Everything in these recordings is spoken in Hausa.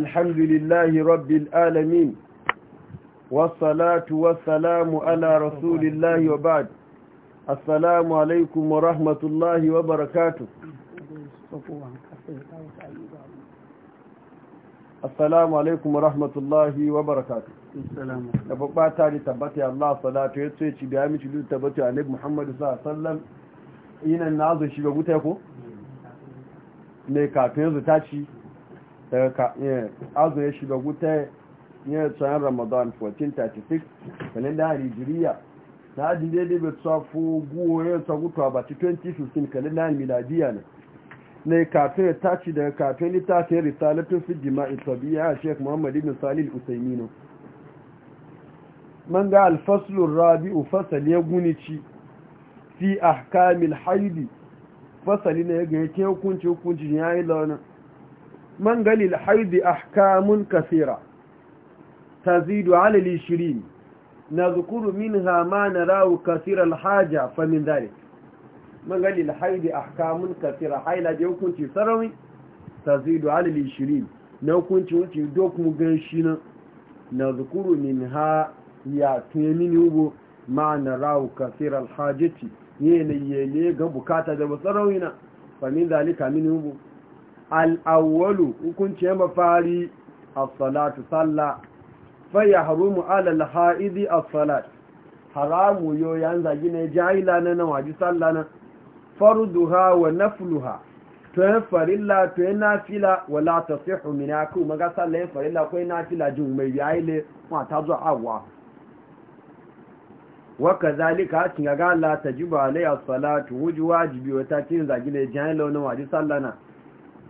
الحمد لله رب العالمين والصلاة والسلام على رسول الله وبعد السلام عليكم ورحمة الله وبركاته السلام عليكم ورحمة الله وبركاته السلام عليكم da tabbata Allah salatu ya ce ci biya miki duk tabbata annabi Muhammad sallallahu alaihi wasallam ina nazo shiga gutai ko ne kafin zuta ci azu ya shiga wuta ya tsayin ramadan 1436 da hajjiriya na ajin daidai bai tsafo guwo ya tsa gutuwa ba ci 2015 kalenda miladiya ne yi kafin ya tashi daga kafin littafin risalatun fi jima'i ya a sheik muhammadu bin salil usaimino man ga alfaslun rabi'u fasali ya gunici fi ahkamil haidi fasali na ya gani ke hukunci hukunci ya yi launin man galil haidi ahkamun kasira tazidu ala al-20 nazkuru minha ma narahu kasira al-haja fa min dhalik man galil haidi ahkamun kasira da hukunci sarawi tazidu ala na hukunci wuce dokun gan shi nan nazkuru minha ya tunani ubo ma narahu kasira al-hajati yene yele ga bukata da sarawi na fa min dhalika min al'awwalu hukunci ya mafari a salatu salla faya harumu alal ha'idi a salat haramu yo yan zagi ne jahila na na waji salla na farduha wa nafluha to yan farilla to yan nafila wala ta sihu min aku maga salla yan farilla ko yan nafila jin mai yayile ma ta zo awa waka zalika cin ga Allah tajibu alayhi as-salatu wujuwajibi wa ta cin zagi ne jahila na waji salla na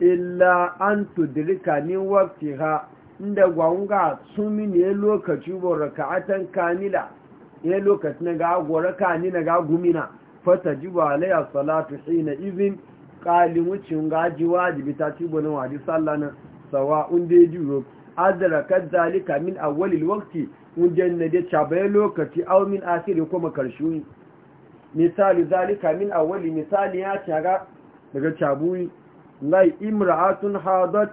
illa an tudrika ni waqtiha inda gwanga sun mini lokaci bo raka'atan kamila ya na ga agwara ni na ga gumina fata jiba alayya salatu hina izin kalin wucin gaji wajibi ta ci bonin waji sallah na sawa unda ya juro adrakat zalika min awwalil waqti wajen na da cabai lokaci aw min asiri kuma karshe misali zalika min awwali misali ya ci daga cabuyi láì imra'atun hadat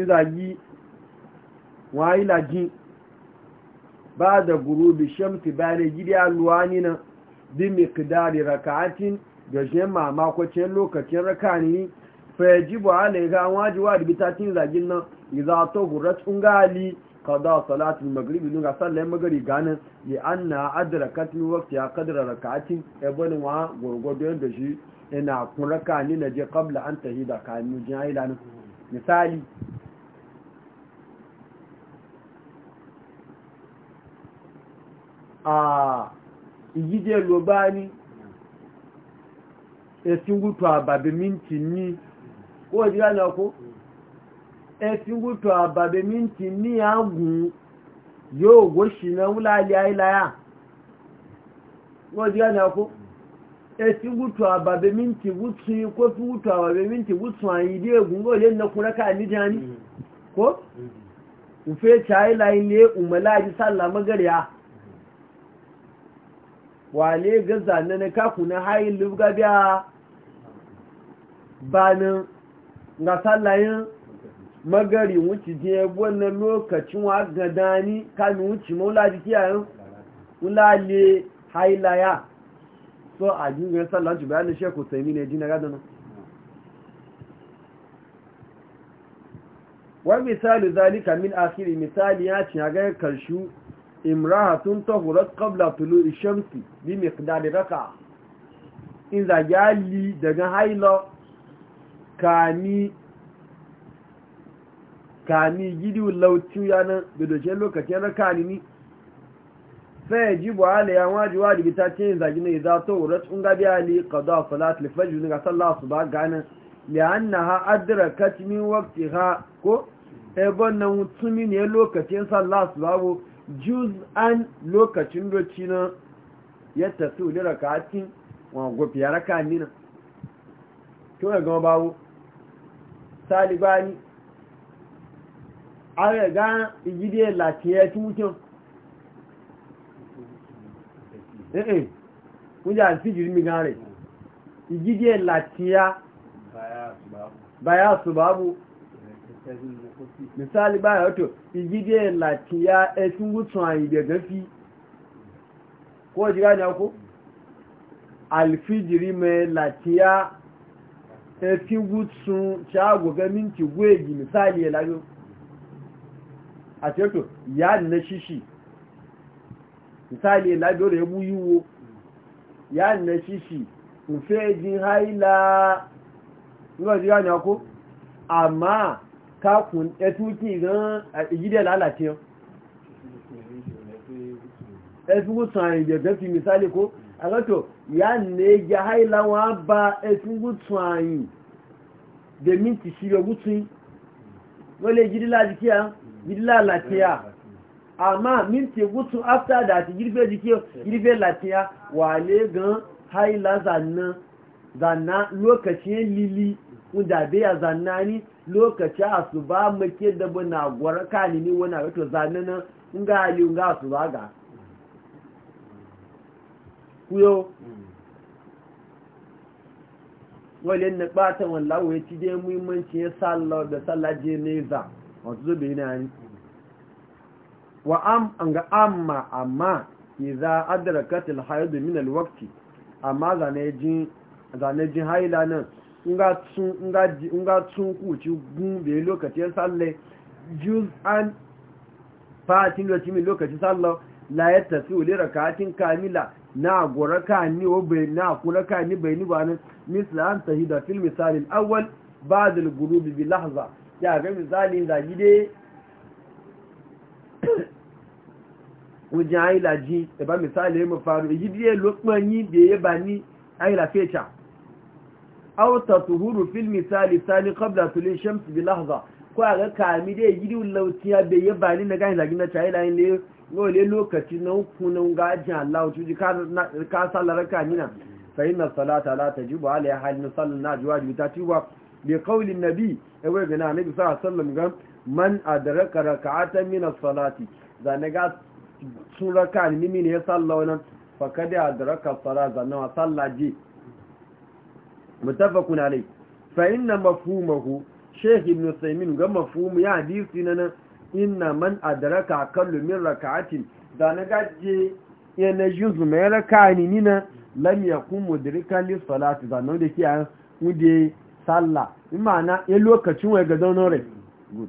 ìràyí wọ́n á ìlàjí ba da gurubi ne bayan gida luwa nina bi miqdari rak'atin da jema makwacin lokacin rakani fayajibu alaiha wajiba da bitatin zagin nan idza tughrat ungali qada salatul magribi nunga sallan magari ganin li anna adrakat min waqtiha qadra rak'atin e ibn wa gurgudu da shi ina kun raka ni na je kabla an tahi da kanu jin haila nan misali a igide ni esin gutu a babiminti ni ko ji gani ko esin gutu a babiminti ni ya gun yóò goshi na wulali haila ya ko ji gani ko esi gutu ababe minti gutu yi ko fi gutu ababe minti gutu a yi dai gungo le na kura ka ni jani mm. ko mm. ufe chai lai ne umala ji sallah magariya wa ga zanne na ka kuna hayin lubga biya banin ga yin magari wuce je na lokacin wa dani kamin wuce maula jikiyayen ulale hailaya so a jirgin sallan ju bayanin sheku sami ne ji na gadana wani misali zalika min akiri misali ya ci a gayar karshu imrahatun tahurat qabla tulu ishamsi bi miqdari raka in za daga hailo kani gidi lautu yana da lokacin raka ni ya ji bu ala ya waji wajibi ta ce zagi ne za ta wurat un gabi ali qada salat li fajr ga sallah su ba ganin li annaha adrakat min waqtiha ko e wannan mutumi ne lokacin sallah su babu juz'an lokacin doci na ya tasu li rakatin wa gofi ya raka nina to ga babu talibani a ga igide latiya tutun eh, eh. kunje alfijiri mi gare igije latiya baya su babu misali baya wato igije latiya etin gutsun ayi da gafi ko ji gane ko alfijiri mai latiya etin gutsun shago ga minti gweji misali ya lajo ya na shishi misali labiyar ya buyi wo ya na shishi nufe jin haila yíwa jí ránà kó àmá kákùn ẹtúkì rán ìjídẹ̀ lálàtí ọ ẹtúkùtù àyìnjẹ̀gẹ́ fi misali kó àrẹ́tọ̀ ya na ya haila wọn bá ẹtúkùtù àyìn dẹ̀mí ti ṣílẹ̀ wútún wọ́n lè jídí láti kí amma minti gutu after that girbe jike girbe latiya wale gan haila zanna zanna lokacin lili unda ya zanna ni lokaci asuba make da bana gwar kani ni wana wato zanna nan nga ali nga asuba ga kuyo wale na batan ya muhimmanci ya da wa an ga amma amma idza adrakat al hayd min al waqt amma zane jin zane jin haila nan nga tun nga nga tun ku ci gun be lokacin an fatin da cimin lokacin sallah la ya tafi wuli katin kamila na gora ka ni o bai na kura ka ni bai ni ba nan misla an tahida fil misalin awal awwal ba'd al bi lahza ya ga misalin da gide wajen haila ji da ba misali ya mafaru yi biye lokmanyi biye ya ba ni haila fecha auta tuhuru fil misali sani kabla tulin shamsu bi lahza ko a ga kami dai ya gidi lautiya ya biye ba ni na gani zagi na ne yin lole lokaci na hukunan gajin allahu tuji ka salara kamina fa'in na salata la ta jibu ala ya halin sallan na juwa juta tiwa bi kaulin nabi ya e wai gana nabi sallallahu alaihi wasallam man adraka raka'atan min as-salati zanaga sun raka ni ne ya salla wannan fa kada adraka faraza na wa salla ji mutafakun alai fa inna mafhumahu shaykh ibn usaymin ga mafhumu ya hadisi nan inna man adraka akallu min rak'atin da na gaje na yuzu mai raka ni na lam yakun mudrika li salati nan da kiyan mu de salla imana ya lokacin wai ga zaunore good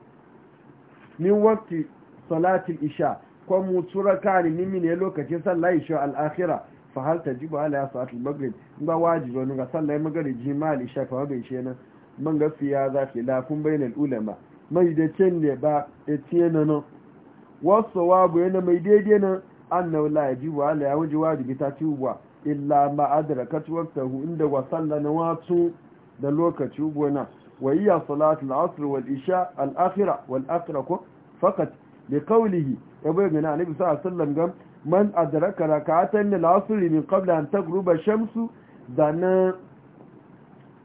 min waqti salatil isha ko mu turaka ni min ne lokacin sallah isha al-akhirah fa hal tajibu ala salatil maghrib ba wajibi ne ga sallah maghrib jimal isha fa ba ishe nan man ga fiya za fi lafun bainal ulama mai da cin ne ba etiyana nan wasu wabu yana mai daidai nan annahu la yajibu ala ya wajibi wajibi ta tuba illa ma adraka waqtahu inda wa na watu da lokaci na? wa iya salatul asr wal isha al akhirah wal akhirah ko fakat da kaulihi ya bai gani annabi sallallahu alaihi wasallam gam man adraka rak'atan min al-asr min qabla an taghruba shamsu dana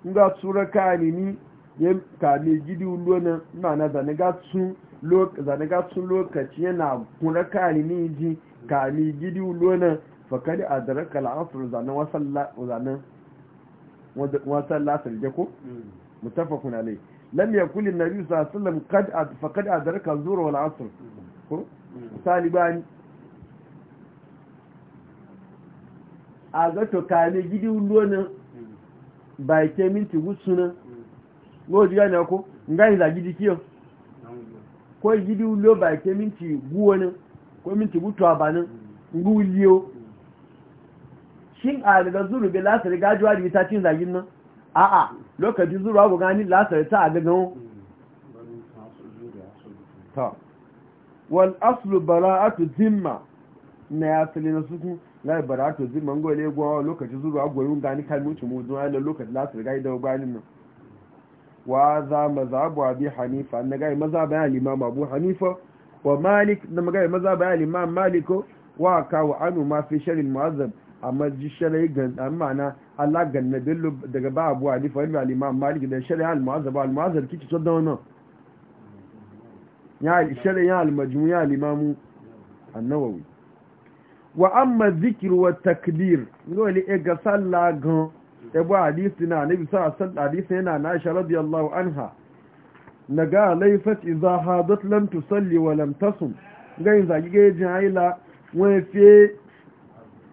nga tsura kani ni ya kame gidi ulona mana da ga sun lokaci da ga sun lokaci yana kuna kani ni ji kame gidi ulona fakari a daraka al'asar zanen wasan lasar jako hmm. mutafakun alai lam yakul an-nabi sallallahu alaihi wasallam qad faqad adraka az-zuhr wal 'asr ko salibani aga to kale gidi ulona ba ke minti gusuna ngo jiya ne ko ngai za gidi kiyo ko gidi ulo ba ke minti guwona ko minti gutu abanin nguliyo shin a daga zuru be lasar gajuwa da ta cin zagin nan a'a lokaci zuwa ga gani lasar ta a gagan ta wal aslu bara'atu zimma na ya asali na suku lai bara'atu zimma ngo le gwa lokaci zuwa goyi gani kan ci mu zuwa da lokaci lasar gai da gani nan wa za mazhabu abi hanifa na gai mazhabu ya limam abu hanifa wa malik na gai mazhabu ya limam maliko wa ka wa anu ma fi sharil muazzab amma ji shari'i ga ma'ana Allah ganna bello daga ba abuwa ni fa ilmi al-imam malik da shari'a al-mu'azzab al-mu'azzab kici to dawo ya shari'a al-majmu' ya al-imam an-nawawi wa amma dhikr wa takbir ngoli e ga salla gan e ba hadisi na nabi sallallahu alaihi wasallam hadisi yana na Aisha radiyallahu anha naga laifat idha hadat lam tusalli wa lam tasum ga yin zagi ga ayila wa fi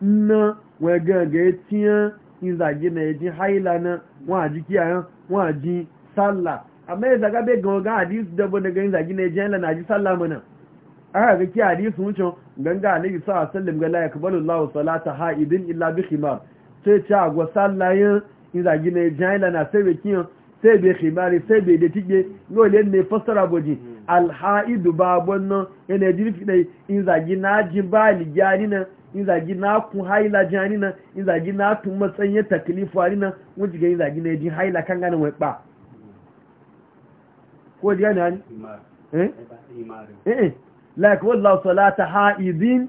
na wẹ̀gẹ̀gẹ̀ tí yán ìzàgé na ẹ̀jìn haila na wọ́n àjí kí àyán wọ́n àjí sálà àmọ́ ìzàgábẹ́ gangan àdísù dẹ́bọ̀ daga ìzàgé na ẹ̀jìn haila na àjí sálà mọ́nà aka kí àdísù wucin ganga ha sai sálà yan ìzàgé na ẹ̀jìn haila na sai bai kiyan sai bai khimari sai bai da tige yau ne mai hmm. alha'idu babon nan yana jirfi ɗai in na ji ba in zagi na kun haila jani na in zagi na tun matsayin taklifu ari na mun jiga in zagi na jin haila kan ganin wai ba ko jiga ne ani eh? eh eh like wallahu salata haidin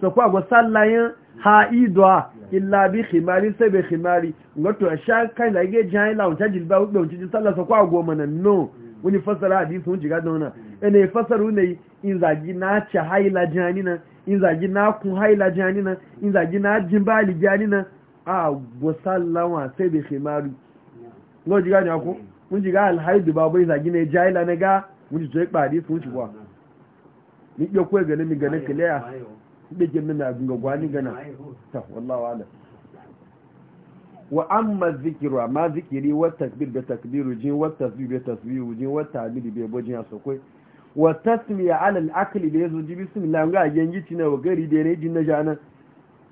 so ko go sallayin haidwa illa bi khimari sai bi khimari ngoto sha kai da ge jani la unta jilba u don ji sallah so ko go mana no mm. wani fasara hadisi mun jiga don na ene fasaru ne in zagi na ci haila jani na in zagi na kun haila jani nan in zagi na jin bali jani nan a gosallawa sai bai khimaru no jiga ne ko mun jiga alhaidu ba bai zagi ne jahila na ga mun ji zai kpadi sun ci kwa ni ke koyi gani mi ganin kiliya da ke nuna abin gagwa ni gana ta wallahi wala wa amma zikiru ma zikiri wa takbir da takbiru jin wa tasbih da tasbihu jin wa ta'mili bai bojin asokoi wa tasmiya alal akli da yazo jibi bismillah ga yangi tina wa gari da ne din na jana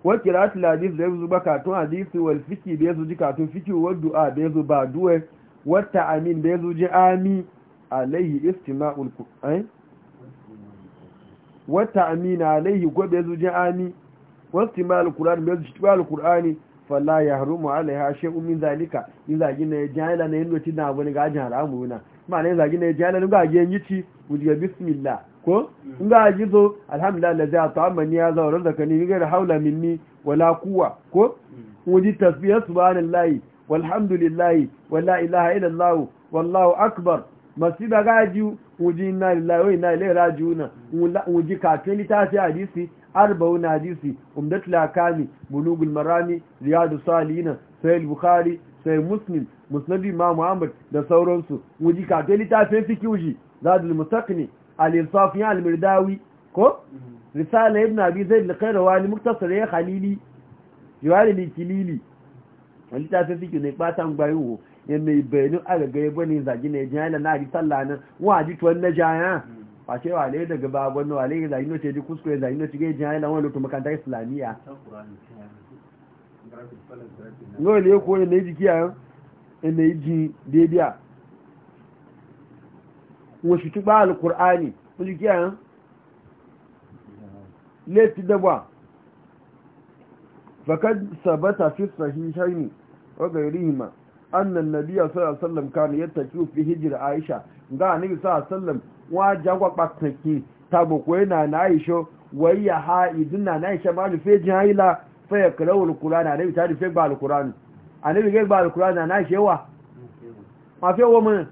wa qira'atu hadith da yazo baka to hadith wal fiqi da yazo ji katun fiqi wa du'a da yazo ba du'a wa ta'amin da yazo ji ami alaihi istima'ul qur'an eh? wa ta'amin alaihi gobe yazo ji ami wa istima'ul qur'an da yazo ji qur'ani fala yahrumu alaiha shay'un min zalika in zagina ya jahila ne yin wacin da abu gajin ga jaharamu na ma'ana yin zagi na ya jihana nuga a yi ci wujiyar bismillah ko nga a ji zo alhamdulillah zai a amma ni ya zaurar da ni gari haula minni wala kuwa ko wuji tasbiyar layi walhamdulillahi wala ilaha illallah wallahu akbar masjida ga ji wuji na lillahi wa ilai raju na wuji kafin litafi hadisi na hadisi umdatul akami bulugul marami ziyadu salina sai bukhari sai muslim musnad ma muhammad da sauransu wuji ka ta littafin fiki wuji zadul mustaqni al-insaf ya al-mirdawi ko mm-hmm. risala ibn abi zaid al-qayrawani muktasar ya khalili yawali likilili littafin fiki ne batan gbayo ya mai bayanin agaga ya gwani zagi na yajin yana nari sallah nan waji tuwan na jaya mm-hmm. a ce wale daga babon na wale ya zagi na teji kuskure zagi na cikin yajin yana wani lokacin makaranta islamiyya yau ne ko ne na jiki ina ji daidai wọ́n ṣe túbá alìkùránì olùkí àyán léètì dẹ́bà fakad sabata fi sahihaini wa ghayrihima anna nabiy sallallahu alaihi wasallam kana fi hijira aisha ga annabi sallallahu alaihi wa jagwa pataki tabo ko yana na aisha wayya ha idina na aisha ma ta ba al kurani annabi gai ba alkur'ani na shi yawa mafi yawa mana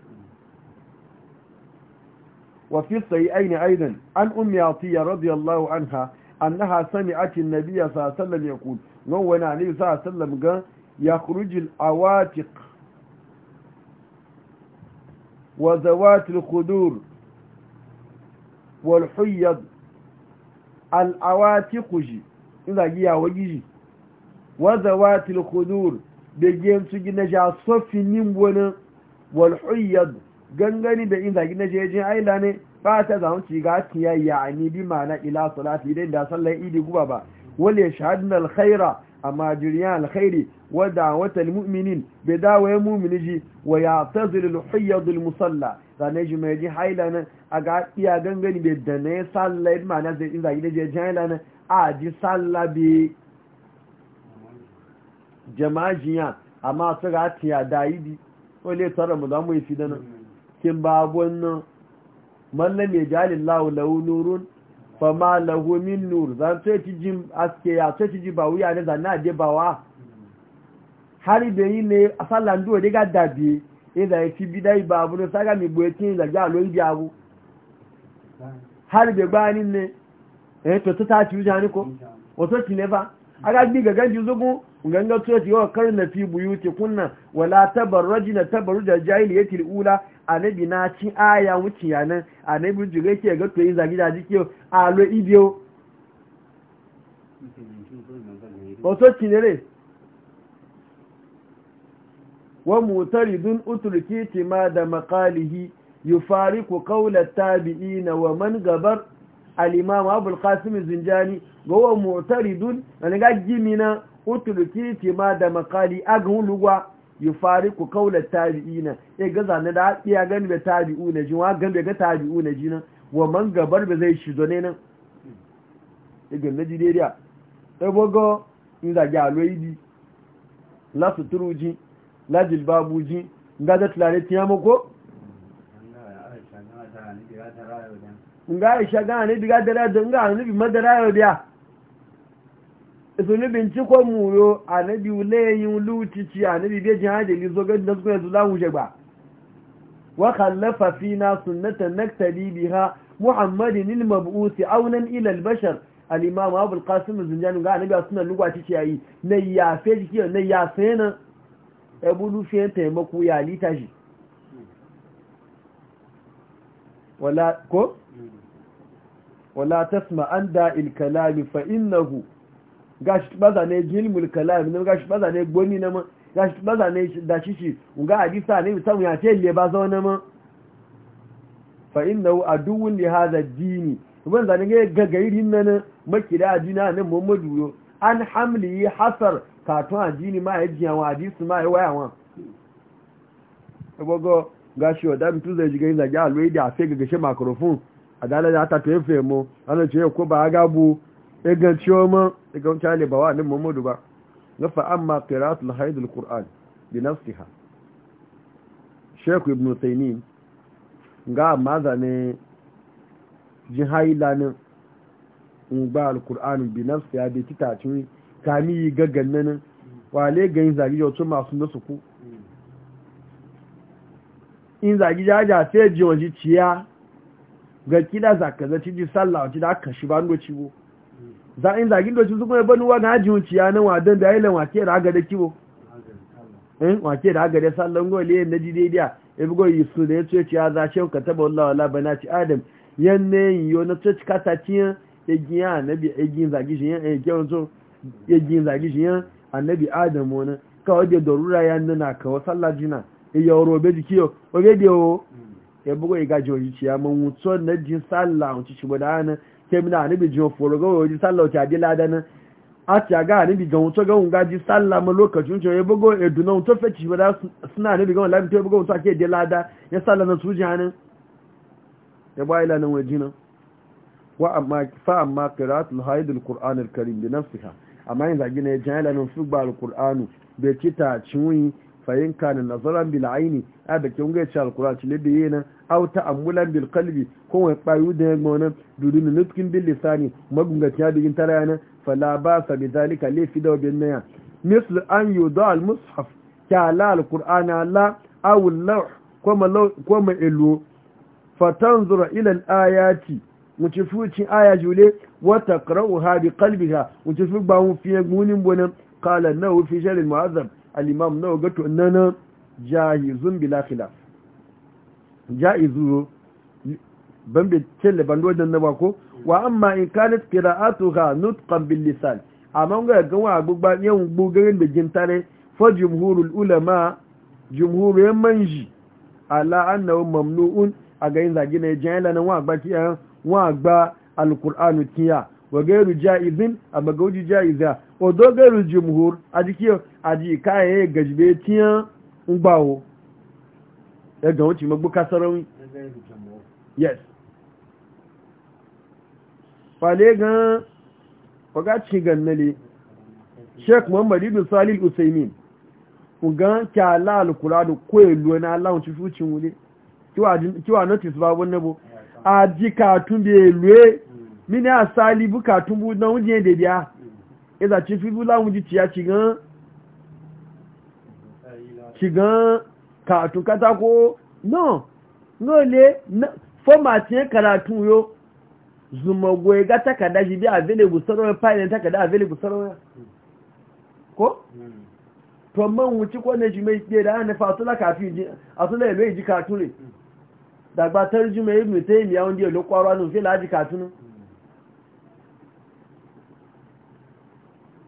وفي الصحيحين أيضا عن أم عطية رضي الله عنها أنها سمعت النبي صلى الله عليه وسلم يقول نونا عليه صلى الله عليه وسلم قال يخرج العواتق وزوات الخدور والحيض العواتق جي إذا جي وجي وزوات الخدور da gensu gina ja sofinin wani walhuyar gangani da inda gina jejin aila ne ba ta zama ci ga tiyayya a ni bi mana ila salati idan da sallar idi guba ba wale shahadun alkhaira amma jiriyan alkhairi wadda watan mu'minin bai dawaye mu'mini ji wa ya tazir dul musalla zane ji mai ji haila nan a ga iya gangani bai da ne sallar mana zai inda gina yajin aila nan a ji sallar bai jama'a amma su ga tiya dayi bi wale tsara mu za mu yi fi dana kin ba wannan mallan ya jali lahu lahu nurun fa ma lahu min nur zan sai ci jim aske ya sai ci ji ba wuya ne zan na je ba wa hari da yi ne a sallan duwa ga dabi in da e fi bidai ba abu ne saga mi boye tin da ja lon jabu hari da gbani ne eh to ta ta ci wuja ni ko wato ci ne ba agagbi ga ganji zugu ganga tuwa ce yawa na fi buyuti kunna wala tabarraji na tabarru da jahiliyyati ula anabi na ci aya wuce yanan anabi jiga ke ga tuwa yin zagi da jike alo ibiyo wato cinere wa mutaridun uturki ma da makalihi yufariku qawla tabi'ina wa man gabar al-imam abul qasim zinjani ga wa mu'taridun an ga gimina utuluki ti ma da makali agun ku yufariku qawla tabi'ina e, ya ga zan da iya gani be tabi'una ji wa gan ga tabi'una na wa man gabar be zai shizo ne nan na e, e, inda nga aisha gan ni biga dara don ga ne bi madara yo biya isuni binciko mu yo anabi luti ci anabi be jin hadeli zo ga da suka zula je ba wa fi na sunnata naktabi biha muhammadin al mab'us Auna, ila al bashar al imam abu al qasim al zinjani ga anabi sunan lugwa ci yayi na ya fe jiki na ya fe na ebu lufiyan taimako ya litaji wala ko wala tasma an da'il kalami fa innahu gashi baza ne jilmul kalami ne gashi baza ne goni ne ma gashi baza ne da shishi ga hadisa ne mutum ya ce le ba zauna ma fa innahu aduwwun li hadha dini ban zane ga gagairin nan makida adina nan Muhammadu yo an hamli hasar katon adini ma ya jiya wa hadisi ma ya waya wa gogo gashi wa da mutu zai ga yin ga alwaye da afe gagashe makarofon adala da ta tefe mu ana ce ko ba ga bu egan ciwo mu egan chale ba wa ni muhammadu ba na fa amma qira'atul hayd qur'an bi nafsiha sheikh ibn taymin ga maza ne jin ba al qur'an bi nafsiha bi titaci kami wa le gan zagi yo to masu nasu ku in zagi jaja sai ji wani ciya ga kida za ka zaci ji sallah wacce da aka shi ba ndo ciwo za in zagi ndo ci kuma ya bani ga haji wuci ya nan wadan da ailan wake da aga eh, da kiwo in wake da aga da sallan go le na ji daidai ya e bugo yi su da ya ce ya za shi ka taba wallahi wala ci adam yanne yo na ce ka ta ci ya e giya nabi egin zagi shi yan e egin so egin zagi shi yan annabi adam wona kawai da darura ya nuna ka wa sallah jina ya yoro be dikiyo obe de o ya bugo ya gaji wani ciya mun wuto na jin sallah a wuce shugaba bada hannun kemina a nibi jin foro gawa wajen sallah wuce adi ladana a ti aga a nibi gan wuto gan gaji sallah ma lokacin wuce ya bugo ya duna wuto fe ci bada suna a nibi gan lafi ya bugo wuto ake adi lada ya sallah na suji hannun ya bayi lanin waje na wa amma fa amma qira'atul haidul qur'an al-karim bi nafsiha amma yin zagi ne jan ila nan su ba al-qur'anu bai cita ciwon fayin kanin nazaran bil aini a da kin ga shal qur'an ci da yana aw ta'ammulan bil qalbi ko wai bayu da gona dudun nutkin bil lisani magunga ta digin tarayana fala ba sa bi zalika li fi daw bin naya misl an yuda al mushaf ka la al qur'ana la aw al lawh kuma law kuma ilu fatanzura ila al ayati wuce fuci aya jule wata qara'uha bi qalbiha wuce fi ba mu fiye gunin bonan kala nahu fi shirin mu'azzab al’imam na nawa ga to nan jahizun bila khilaf ban bi ban wajen na bako wa amma in kanat qira'atuha nutqan bil lisan amma ga ga wa gbugba yan gbugarin da jintare fa jumhurul ulama jumhurul manji ala annahu mamnu'un a ga yin zagina ne jayla wa gba wa gba kiya wa gairu ja'izin a magauji ja'iza wa do gairu jumhur a jiki a ji kayan ya gajbe tiyan ngbawo ya ga wuce magbu kasarawi yes fale gan wagacin gannale sheik muhammadu ibn salil usaimin ugan kyala alkuradu ko elu na allahun ci fucin wule kiwa notice babu nabo a ji katun da elu e. mini asali bukatun bu na wuje da biya iza e ci fi bula wuje ci ya cigan cigan katun katako no no le format yin karatun yo zumagwai ga takada shi biya available sarwaya fayilin takada available sarwaya ko? to man wuce kwanan shi mai tsaye da hannu fatula kafin ji a tula ya mai ji katun ne dagbatar ji mai ibn taimiyya wanda ya lokwaro anun fi laji katunan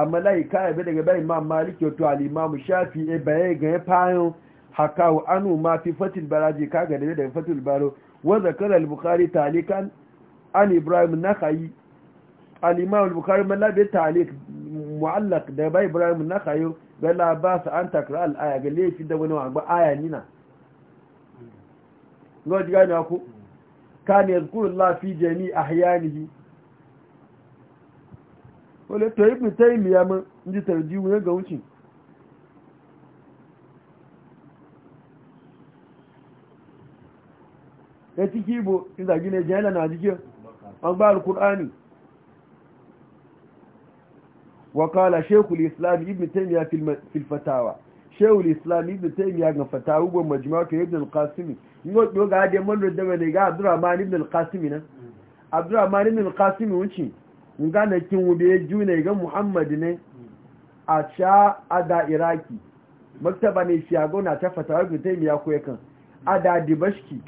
a malaika ya bi daga bai imam maliki wato al'imamu shafi e baye ga ya fayon haka wa anu ma fi fatil baraji ka ga daga daga fatil baro wa zakar al-bukhari talikan an ibrahim nakhai al-imam al-bukhari malabi talik mu'allaq da bai ibrahim nakhai ga la ba sa an takra al-aya ga lefi da wani wa aya nina ga ji gani aku kan yazkuru allah fi jami ahyanihi wale to ibn taymiya man inji tarjihu ya ga wuce ya ciki bu inda gina jana na jikin ɓangbar kur'ani wakala shekul islam ibn taymiya filfatawa shekul islam ibn taymiya ga fatawu ga majima ka ibn al-qasimi yi wadda ga adiyar manar da mai ga abdurrahman ibn al-qasimi na abdurrahman ibn al-qasimi wuce nga na kin wube juna ga muhammad ne a sha ada iraki maktaba ne shago na ta fatawa ibn miya ko yakan ada dibashki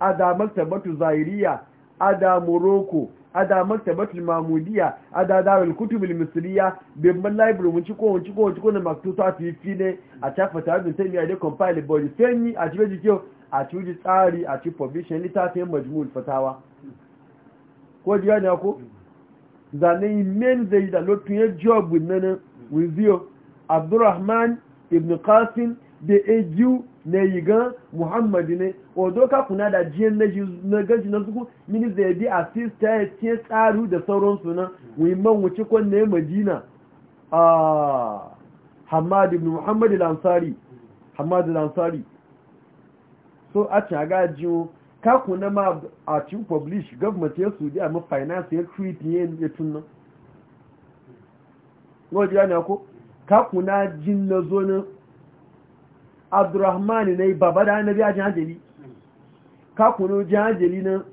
ada maktabatu zahiriya ada morocco ada maktabatu mamudiya ada darul kutub al misriya bimman library mun ci ko mun ci ko ci ko na ta fi fi ne a ta fatawa ibn miya da compile body sanyi a ci beji a ci tsari a ci provision litafin majmul fatawa ko jiya ne ko zane men zai da lotun ya job nan wiziyo abdurrahman ibn qasim da ejiu na gan muhammadu ne odoka kuna da jiyan na gaji na suku mini zai bi a sista ya ce tsaru da sauransu na wimman wuce kwanne madina a ah, hamadu ibn muhammadu lansari lansari so a ci a gajiyo kaku na ma a cikin publish government ya su a ma finance ya treat ya ya tunna ya ne ko kaku na jin na zo ne na ne baba da annabi a jahajeli kaku no jahajeli na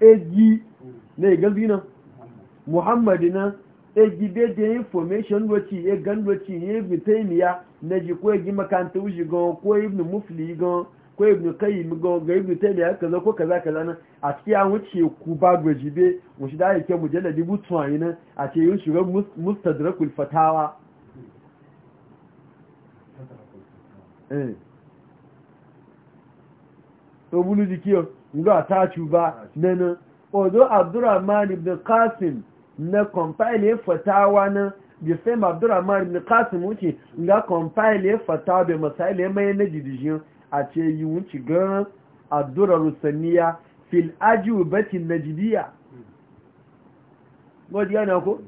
eji na gazi na muhammad na eji be de information wati e gan wati ye bitemiya na ji ko eji makanta wuji gan ko ibn mufli gan ko ibn qayyim go ga ibn ya kaza ko kaza kaza nan a cikin an wuce ku ba gwajibe mu shi da yake mujalladi butuwani nan a ce yin shugaban mustadrakul fatawa eh to bulu dikiyo ngo ta ba nana odo abdurrahman ibn qasim na compile fatawa nan bi sai abdurrahman ibn qasim wuce nga compile fatawa be masaile mai na jidijin a ce yi wuce gan addurar rusaniya fil ajiyu batin najidiya wadda yana ko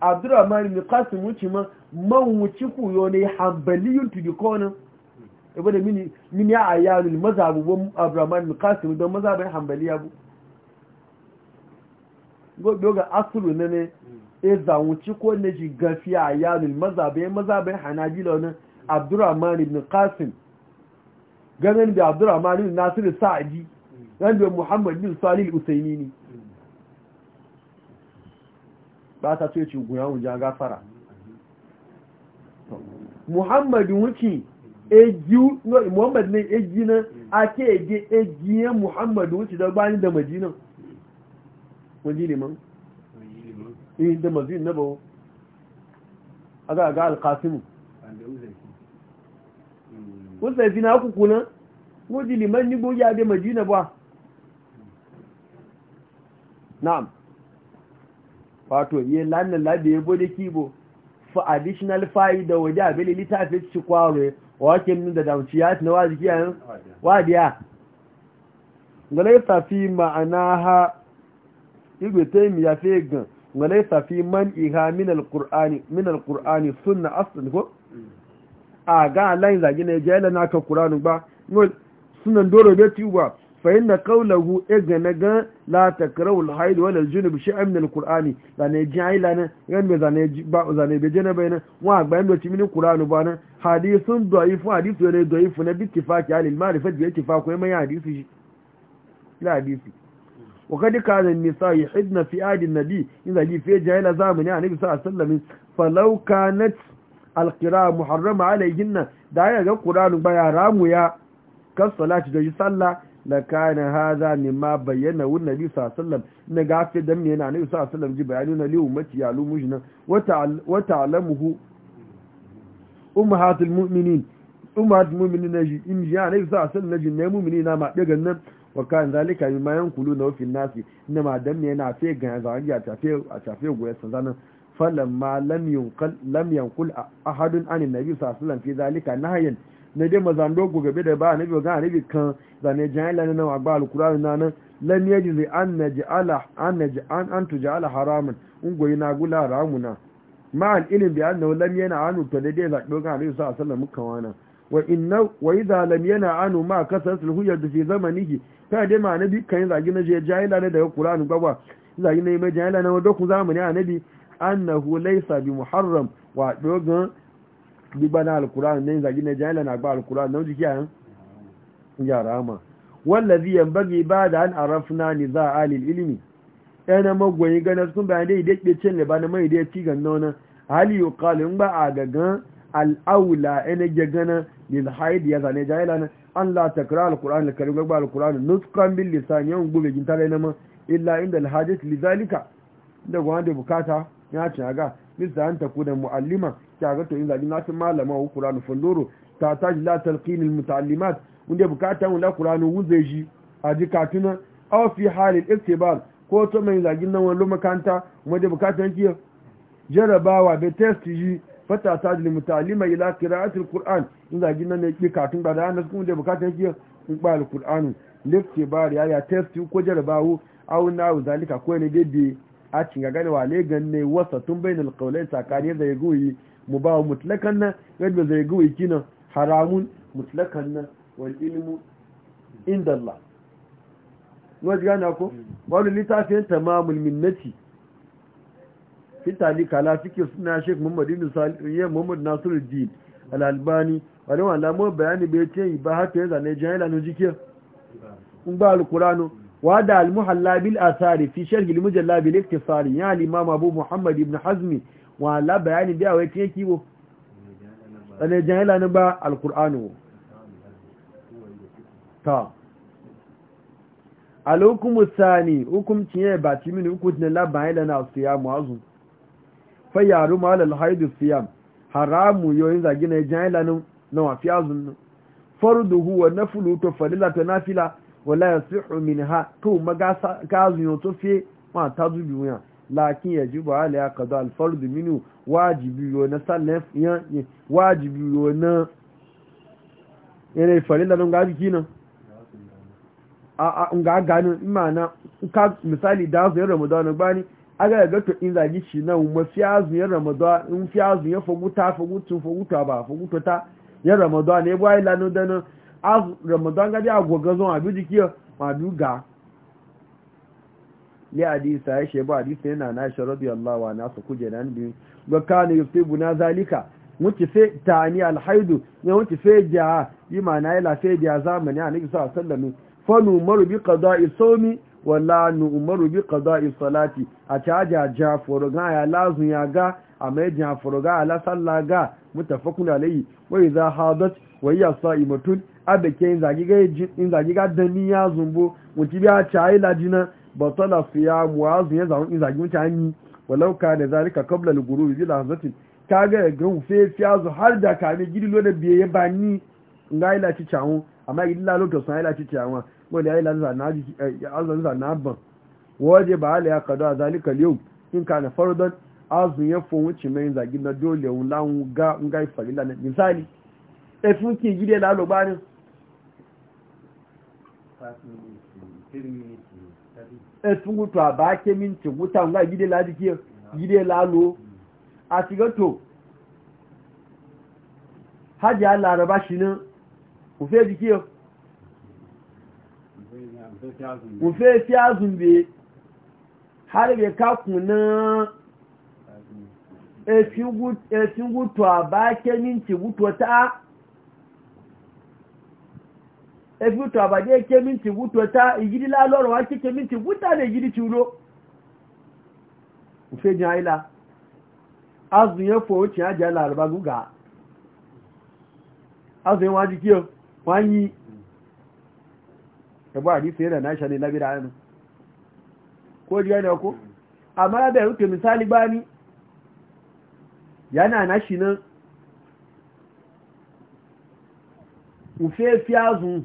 addurar mari mai kasu wuce ma man wuce yau ne hambaliyun to bikonin ibu da mini a ayyanul mazabubun abraman mai kasu don mazabin hambaliya bu gobe ga asuru na ne e zawunci ko na shi gafiya ayyanul mazabin e mazabin hanajila wani abdurrahman ibn qasim ganin da abdurrahman bin Nasiru sa'adi ɗan da muhammad bin Salil usaini ne ba ta ce ce guya wuja gafara muhammad wuce ejiyu muhammad ne eji nan ake eje ejiyen muhammad wuce da bani da majinan wajen liman eh da mazin na bawo aga aga alkasimu kusa fi na kuna nan goji liman ni goji ade madina ba na'am wato yi lannan labe ya gode kibo for additional fa'ida waje abele littafi ci kwaro wake min da damci ya na wajiki yan wadiya ngalaita fi ma'ana ha igwe taimi ya fi gan ngalaita fi man iha min alqur'ani min alqur'ani sunna aslan ko a ga alayin zage ne ga yalana ka ƙuranu ba sunan doro bai ti ba fa yin na kaulahu e la ta kira wulhaidu wani juni bishi aminin ƙur'ani zane ji ayi lana yan mai zane bai jana bai na wa agba yin doci mini ƙuranu ba na hadisun doifu hadisu yana doifu na bi kifaki alil ma rifa biya kifaku ya mayan hadisu shi ila hadisu wa kadi ka zan nisa yi hidna fi adin nabi yin zage fiye jayila zamani a nabi sa'a sallamin falau kanat alkira muharrama alaihin nan da ya ga ƙuranu ba ya ramu ya kan salati da yi sallah la kana hadha mimma bayyana wa nabi sallallahu alaihi wasallam ga fi dan ne na nabi sallallahu alaihi wasallam ji bayani na li ummati ya lumujna wa ta'lamuhu ummahatul mu'minin ummahatul mu'minin naji in ya nabi sallallahu alaihi wasallam naji ne na ma daga nan wa kan zalika mimma yankulu na fi nasi inma dan ne na fe ga zanga a tafe a tafe goyen sanan falamma lam yankul ahadun anin nabi sallallahu alaihi wasallam fi zalika nahyan na dai mazando dogo gabe da ba nabi ga nabi kan zane jahila na wa ba alqur'ani na nan lam yajzi an naj'ala an naj'an an tuj'ala haraman goyi na gula ramuna ma al ilm bi annahu lam yana anu to da dai zakdo ga nabi sallallahu alaihi wasallam kawana wa inna wa idha lam yana anu ma kasatul huyad fi zamanihi ka dai ma nabi kan zagi na je jahila ne daga qur'ani gaba zagi ne mai jahila na wadda ku zamani annabi annahu laysa bi muharram wa dogan gbígbáná alkùránì ne zagi na jẹ́ na àgbà alkùránì náà jiki àyán yàrá ma wallazi yanbaghi ba'da an arafna niza alil ilmi ana magoyin gana sun bayan dai dai cin ne ba na mai dai ci gan wannan hali yuqalu in ba a gagan al'aula ina ge gana lil haid ya zane jahila na an la takra alquran alkarim ba alquran nutqan bil lisan yan gube gintare na ma illa inda alhajat lidhalika da gwanda bukata ya ce ga mista an ta da mu'allima ta ga to in zabi na tun malama wa qur'anu falloro ta ta la talqin al wanda unde bukatan wala qur'anu wuze shi a ji katuna a fi hali al ko to mai zagin nan wani makanta wanda bukatan ki jarabawa bai test yi fata ta da mutalima ila qira'atul qur'an in zagin nan ne ki katun ba da nan kuma da bukatan ki in ba al qur'anu liftibar ya ya test ko jarabawo aw na zalika ko ne dai a cikin ganewa ne ganne wasa tun bai nalkaulai tsakani zai goyi mu ba mutlakan nan yadda zai goyi kinan haramun mutlakan nan wal ilmu inda Allah wajen gane ko hmm. wani littafin tamamul minnati fitali kala suke suna sheik muhammadu eh, nasiru din al'albani wani wanda bayani bai ce ba hata yanzu ne jihar ilanu jikin ba alkurano وهذا المحلى بالآثار في شرح المجلة بالاختصار يعني الإمام أبو محمد بن حزم وعلى بيان بها ويتيكي أنا جاهل أنا بقى القرآن تا الحكم الثاني حكم تيه باتي من حكم لا بيان لنا الصيام وعظم فيعرم على الحيض الصيام حرام يوين زاجين جاهل أنا نوع في عظم هو ونفله تفللة نافلة wala yasihu minha ha maga kazu yo to fe ma ta dubi wuya lakin yajibu ala qada al fard minu wajibi yo na sallaf na ere farilla don gaji kina a a nga gani imana ka misali da aga ga to in zagi shi na fi azuwa ramadan in ta azuwa foguta fogutu foguta ba foguta ta ya ramadan ne bai lanu dana ramadan gadi agoga zon abi jikiya madu li hadisa ya sheba hadisa yana na shi radiyallahu kuje nan biyu ga kana yusibu na zalika wuce sai tani alhaidu ne wuce sai ja bi ma'ana yana sai ja zamani annabi sallallahu alaihi wasallam fa numaru bi qada'i sawmi wala numaru bi qada'i salati a caja ja ga a mai ja ala sallaga wayya sa'imatun abake in zagi ga in zagi ga dani ya zumbo wuti a chai lajina ta siyam wa azu ya zamu in zagi mutani walau kana zalika da al-ghurub da lahzatin kaga ga fiya zu har da kame gidi lo da ba bani ngai la ci cawo amma gidi la lo to sai la ci chawo wani ya yi lanza eh, na ban waje ba ala ya kado a zalika yau in ka na farudan azu ya fowun mai zagi na dole wulawun ga ngai falila na misali ẹfún kí ìgídẹ̀ lálọ́gbá ní ẹfún gútù àbá kémí tí gútà ń gá ìgídẹ̀ láti kí ìgídẹ̀ lálọ́ àti gọ́tò hajji aláraba ṣì ní òfé di kí òfé fi azùnbé harbe kakùn náà ẹfún gútù àbá kémí tí gútù ta efi to abade ke minti guto ta igidi la loro wa ke minti guta ne igidi chulo ufe jan ila azu yen fo ti aja la arba guga azu yen wa di ki o wa yi e ba di fere na sha ne labira anu ko ji ne ko amma da yau ke misali bani yana na shi na. ufe fi azu.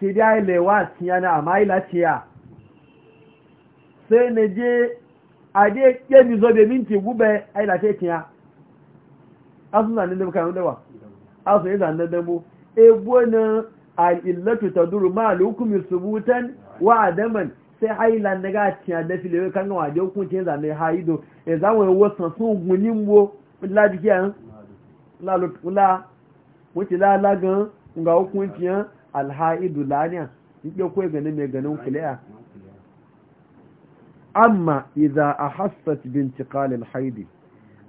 sai dai lewa tiyana amma ila tiya sai ne je a ade ke mi zo be minti gube ila te tiya asuna ne da kan dawa asu ya zan da mu e gona al illatu taduru ma al subutan wa adaman sai hailan daga tiya da filewe kan wa de hukunci zan ne haido e za wa wasan sun gunin wo la dikiya la la wuce la la gan ga hukunci yan alha'idu laniya yake kuwa ganin mai ganin kuliya amma idza ahassat bintiqal alhaidi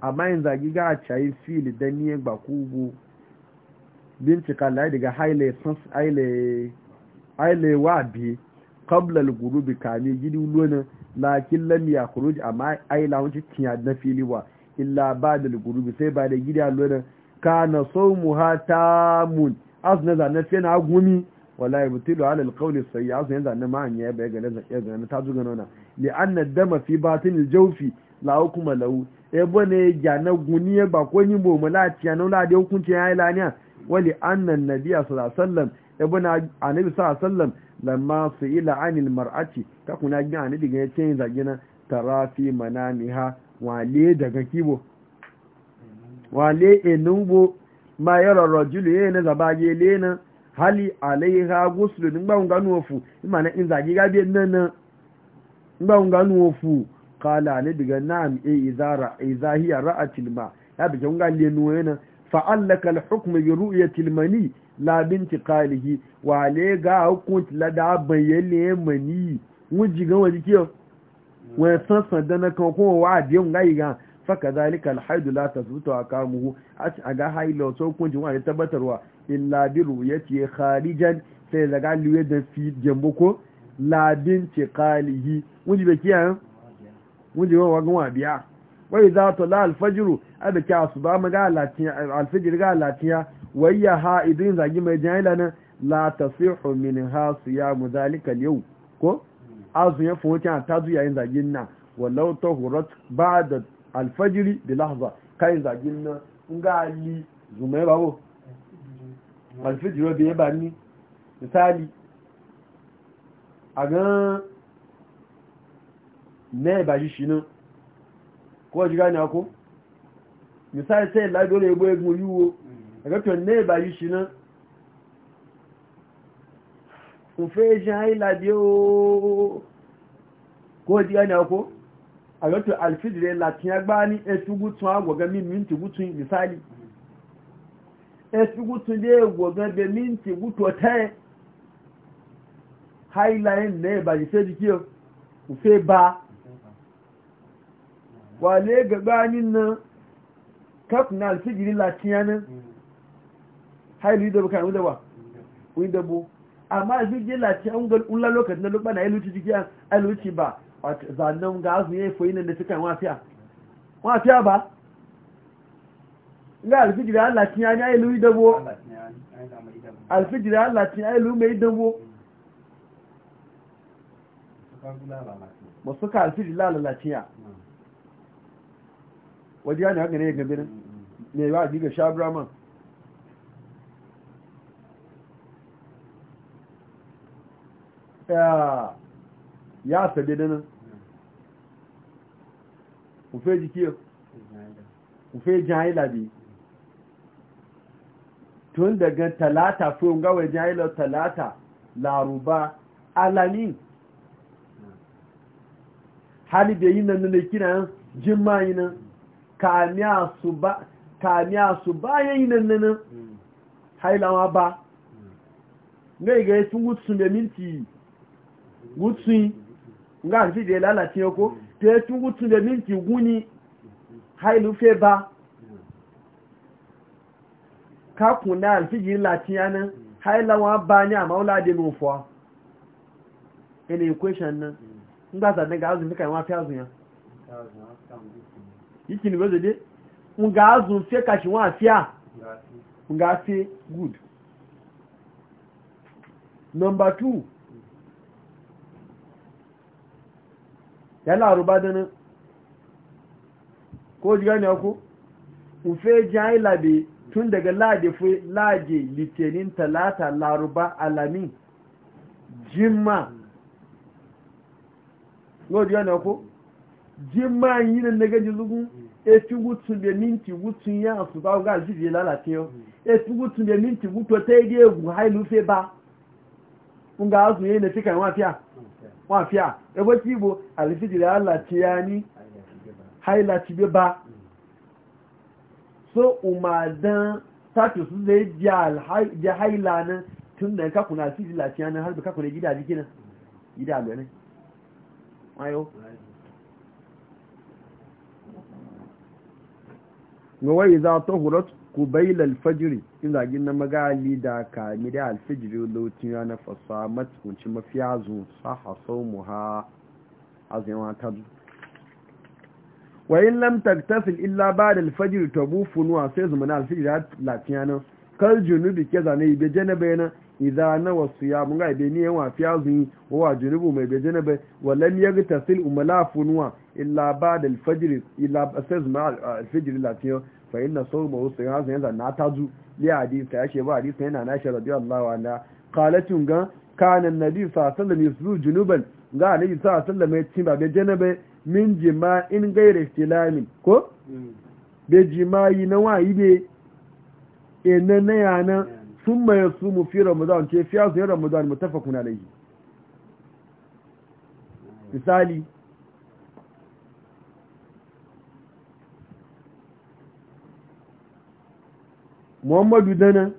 amma in zagi ga cayi fili dan ne ba kubu bintiqal la daga haile sans wa bi qabla kami gidi lona lakin lam yakhruj amma aila wuce tiya na fili wa illa ba'da algurubi sai ba da gidi lona kana sawmuha tamun na zane fe na gumi wala butilu ala alqawli sayyi na zane ma anya ya ga lazan ya zanna ta zuga nona li anna dama fi batin aljawfi la hukuma lahu e bone ya na guni ba ko ni bo mala ti na la de hukunci ya ila ne wali anna annabi sallallahu alaihi wasallam e bone annabi sallallahu alaihi wasallam lamma su'ila anil mar'ati ta kuna gina annabi ga yace na tarafi manamiha wale daga kibo wale enubo ma yara rajulu yayin na zaba gele na hali alaiha guslu nin gbawun ganu ofu imana in zagi gabe nan nan gbawun ganu ofu kala ne diga na'am e izara izahiya ra'atil ma ya bi kun galle nu yana fa allaka al-hukm bi ru'yatil mani la binti qalihi wa le ga hukunci la da bayyane mani wuji ga wani kiyo mm. wa san san dana kan ko wa adiyon ga yi ga faka zalika alhaidu la tasbutu akamuhu a ga haila so kunjin wani tabbatarwa illa bi ru'yati kharijan sai daga liwe da fi jambo ko labin ce qalihi wunji be kiyan eh? wuji wa wagan wa biya wa idza tala alfajru abe ka suba maga latiya alfajr ga latiya wa ya ha idin zagi mai jahila na la tasihu min minha siyamu zalika alyawm ko azu ya fuwa ta tazu yayin zagin na walau tahurat ba'da alfajiri da lahza kai zagin na nga ali zumai bawo alfijiro da ya ba ni misali a gan na ya bashi shi nan kowace gani ako misali sai labiyo da ya goye gun yiwo a gafiyar na ya bashi shi nan kun fe shi haila biyo kowace gani ako a wato latin ya gbani etu gutun agwaga min minti gutun misali etu gutun ne gwaga da minti guto ta hailayen na ya baji sai jikiyo ufe ba wale ga ganin nan kafin alfijire latin ya nan hailu da bukan wuda ba wuda bu amma alfijire latin ya ungar unla lokacin na lukba na ya luci jikiya a ba zannan ga su yi foyi nan da suka yi wafiya wafiya ba ga alfijirai Allah cin ya ni a ilu idabo alfijirai Allah cin ya ilu mai idabo ba su ka alfijiri lalacin ya hmm. ya ne haka ne ya gabi ne ba a diga sha ya ya sabe da nan jiki ya ufe jahila bi tun daga talata fiyon gawar jahila talata laruba alani da yi nan nuna kira yi nan kamiya su bayan yi nan nuna hailawa ba ga yi sun gutsun da minti gutsun nga n fìdí lálàtí ọkọ́ tẹ́ túnkú tún lè mìí ti gún ní hailu fẹ́ bá kákùn náà fìdí láti yánà hailawa bá ní àmáwọ́láde ní òfò ẹni equation náà za ne ga ní kàíwá fẹ́ àzù yán yìí kì ní wọ́n zèdé nga azù fẹ́ kàṣì wọ́n nga fẹ́ good number two ya laruba da ko ji gani tun daga laje litinin talata laruba alamin jimma ko ji gani ku jimma yi na nagaji zugun eti wutun be minti wutun ya su ba ga ji je lalace yo eti wutun be minti wuto ta yi egwu hailu fe ba nga azu ne na fi kan wa fiya wọ́n àfíà ẹgbẹ́ tí ìbò àlìfíjìlẹ̀ aláti ya ní hailati bí bá so umardan status da ya haila nan tun da ka kuna fi lafiya nan har da ka kuna gida jiki nan gida ga nan ayo ga wai za ta hurat kubail alfajiri in zagin na magali da ka ni da alfajiri lotin ya na fasa matukunci mafi zuwa saha sau mu ha a zaiwa ta zu wayin lamtar tasil illa ba da alfajiri ta bufunuwa sai zuma na alfajiri ya latiya nan kal junubi ke zane ibe janabe na idza na wasu ya mun ga ibe ni yawa fiya zuwa wa junubu mai ibe janabe walam yagtasil umala funuwa illa ba da alfajiri illa ba sai zuma alfajiri latiyo fa inna sawma wasu ya zan yanzu na tazu li hadisi ya ce ba hadisi yana na shi radiyallahu anha qalatun ga kana annabi sallallahu alaihi wasallam yuslu junuban ga annabi sallallahu alaihi wasallam ya ci ba da janaba min jima'in gairi ihtilamin ko be jima'i na wayi be ene na yana sun mai su mu fi ramadan ce fiya su ramadan mutafakun alaihi misali muhammadu dana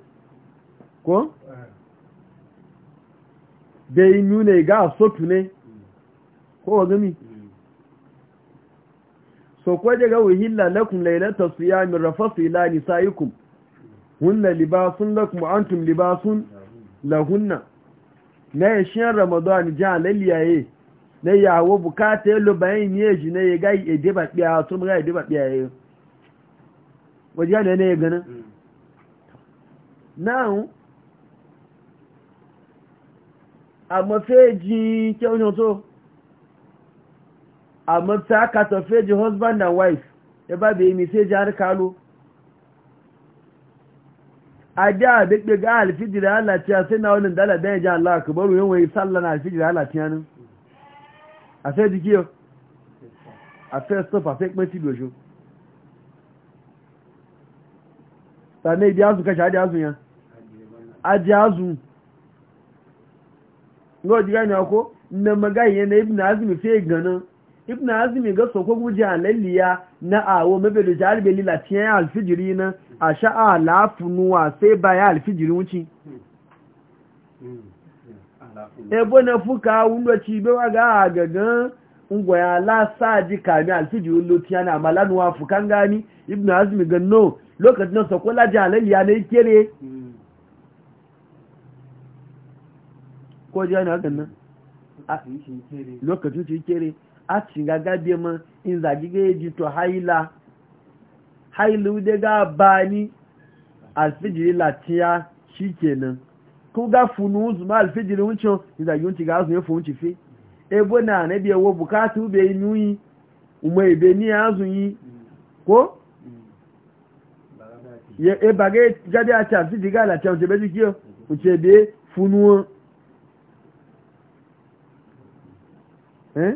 ko da yi nuna ga a sotu ne ko wa gami so je ga wahilla lakum lailata siyami rafasu ila nisaikum hunna libasun lakum antum libasun lahunna na yashin ramadan ja laliyaye na yawo bukata yalo bayan yeji na ya ga edeba biya sun ga edeba biya wajen ne ya ganin Now, àmọ́ fẹ́ẹ̀jì kí oúnjẹ tó, àmọ́ tí a kàtọ̀ fẹ́ẹ̀jì husband and wife, ẹbá bèé mi fẹ́ẹ̀jì àríkàlò. Adé àbẹ́gbẹ̀ gá alfijiri aláti a sínà wọnà dálà bẹ́ẹ̀ jẹ́ Allah akọ̀bọ̀rù yóò wọ́n yí sálà na alfijiri aláti yánú. Àfẹ́ẹ̀jì kí o? Àfẹ́ stop àfẹ́ pẹ́ sí ìlòṣó. Tàní ibi azùn kẹsà á dé azùn yẹn. ajazu ngo diga ni ako na magai yana ibn azmi fe ganin ibn azmi ga soko guje halalliya na awo mabelu jalibe lila tiyan alfijiri na asha a sha'a lafunuwa sai baya alfijiri wuci. ebo na fuka wundo ci bewa ga gagan ngwaya la saji kami alfijiri lotiya na malanuwa fukan gani ibn azmi ganno lokacin sokola jalalliya na ikere mm. ko ji yana hakan nan lokacin shi kere a shiga gabe ma in zagi ga ji to haila hailu da ga bani alfijiri latiya shi kenan ko ga funu zuma alfijiri wuncin in zagi wuncin ga azu ya funu wuncin fi ebo na na biya wo bukatu bai yi nuyi umar ibe ni azu yi ko e ya ebage gabe a ci alfijiri ga latiya wuce bai jikiyar wuce bai funuwa Eh?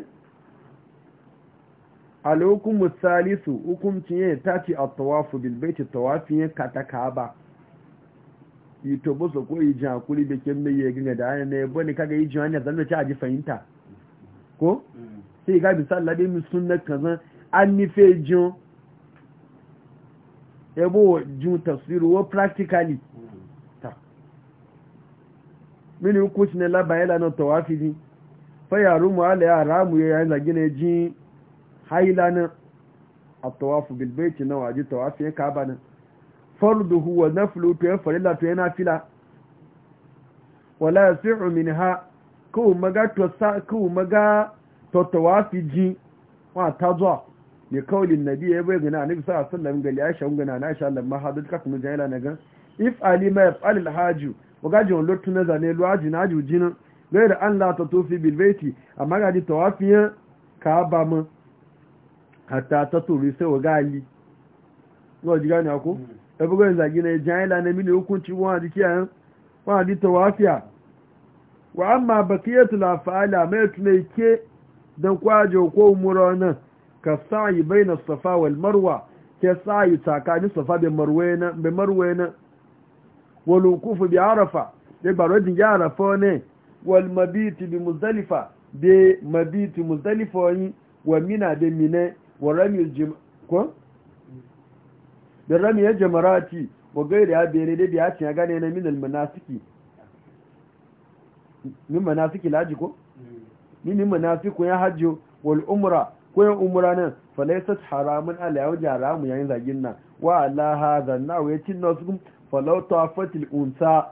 alokun misalisu hukumcin yin ta ce a tawafu bilbaiti tawafin yin kataka ba ito busa ko yi jin kuli da kin mai yagin da ana ne bane kaga yi jin wani zanen ci a ji fahimta ko mm. sai ga misali labe mi sunna kazan an nife jin ebo jin tafsiru wa practically mm. ta mini hukunci ne labayela na tawafi din fayaru mu ala ya ramu ya yana gina ji haila nan a tawafu bilbaiti na waje tawafi ya kaba nan farduhu wa naflu to ya farila to yana fila wala yasihu minha ko maga to sa ko maga to tawafi ji wa ta zuwa ne kaulin nabi ya bai gina annabi sallallahu alaihi wasallam gali aisha gina na aisha Allah ma hadith ka kuma jaila na gan. if ali ma ya al haju lortu na zane luaji na ajujina gaira an la ta tofi bilbeti amma gaji tawafiyan ka ba mu hatta ta turi sai wa gali zuwa ji gani ako ta mm. e bugu yin zagi na ya jan ila na mini hukunci wani jiki a yan wani ji tawafiya wa amma bakiyatu la fa'ala mai tunai ke don kwaje ko umura nan ka bai na safa wal marwa ke sa'i ni safa bai marwa na wal wukufu bi arafa da baro din arafa ne wal mabiti bi muzdalifa be mabiti muzdalifa wani wa mina be mina wa rami jim ko da rami ya jamarati wa gairi ya bere da biya cin gane na min al manasiki min manasiki laji ko hmm. min min manasiku ya hajjo wal umra ko ya umra nan fa laysat haramun ala yau jaramu yayin zagin nan wa la hadha na wa yatin nasu falau tafatil unsa